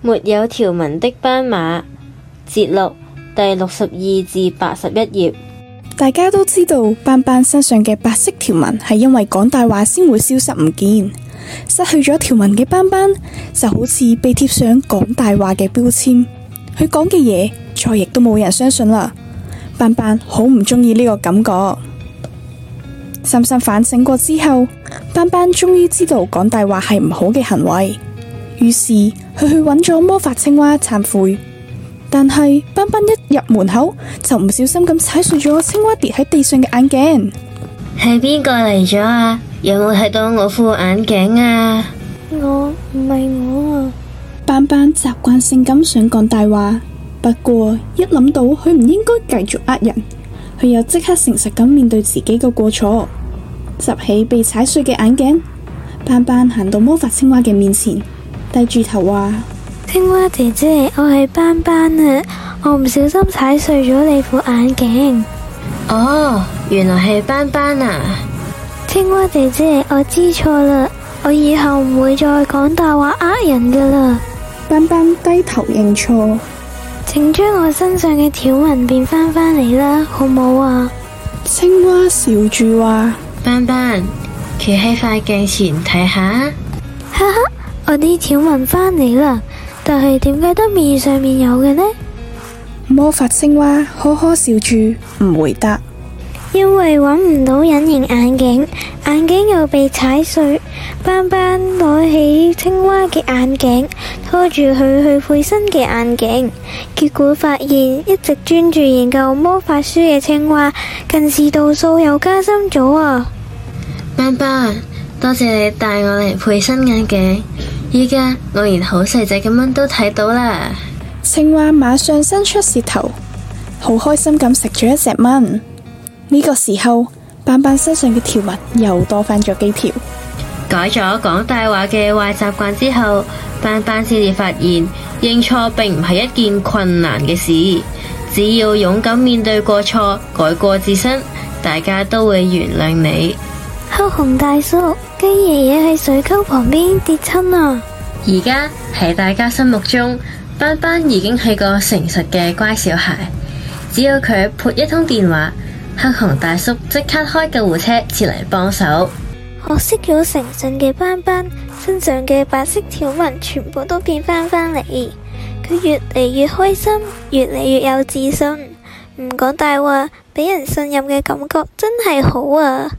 沒有條紋的斑馬，節錄第六十二至八十一頁。大家都知道斑斑身上嘅白色條紋係因為講大話先會消失唔見，失去咗條紋嘅斑斑就好似被貼上講大話嘅標籤，佢講嘅嘢，再亦都冇人相信啦。斑斑好唔中意呢個感覺。深深反省過之後，斑斑終於知道講大話係唔好嘅行為。於是佢去揾咗魔法青蛙懺悔，但係斑斑一入門口就唔小心咁踩碎咗青蛙跌喺地上嘅眼鏡。係邊個嚟咗啊？有冇睇到我副眼鏡啊？我唔係我啊。斑斑習慣性咁想講大話，不過一諗到佢唔應該繼續呃人，佢又即刻誠實咁面對自己嘅過錯，拾起被踩碎嘅眼鏡，斑斑行到魔法青蛙嘅面前，低住頭話：青蛙姐姐，我係斑斑啊！我唔小心踩碎咗你副眼鏡。哦，原來係斑斑啊！青蛙姐姐，我知錯啦，我以後唔會再講大話呃人噶啦。斑斑低頭認錯，請將我身上嘅條紋變翻翻嚟啦，好唔好啊？青蛙笑住話：斑斑，企喺塊鏡前睇下。看看呢條問返你啦，但係點解得面上面有嘅呢？魔法青蛙呵呵笑住唔回答，因為揾唔到隱形眼鏡，眼鏡又被踩碎。斑斑攞起青蛙嘅眼鏡，拖住佢去配新嘅眼鏡，結果發現一直專注研究魔法書嘅青蛙近視度數又加深咗啊！斑斑，多謝你帶我嚟配新眼鏡。而家我連好細仔咁樣都睇到啦。青蛙馬上伸出舌頭，好開心咁食咗一隻蚊。呢個時候，斑斑身上嘅條紋又多返咗幾條。改咗講大話嘅壞習慣之後，斑斑先至發現，認錯並唔係一件困難嘅事。只要勇敢面對過錯，改過自新，大家都會原諒你。黑熊大叔，雞爺爺喺水溝旁邊跌親啊。而家喺大家心目中，斑斑已經係個誠實嘅乖小孩。只要佢撥一通電話，黑熊大叔即刻開救護車嚟幫手。學識咗誠信嘅斑斑，身上嘅白色條紋全部都變翻翻嚟。佢越嚟越開心，越嚟越有自信，唔講大話，俾人信任嘅感覺真係好啊！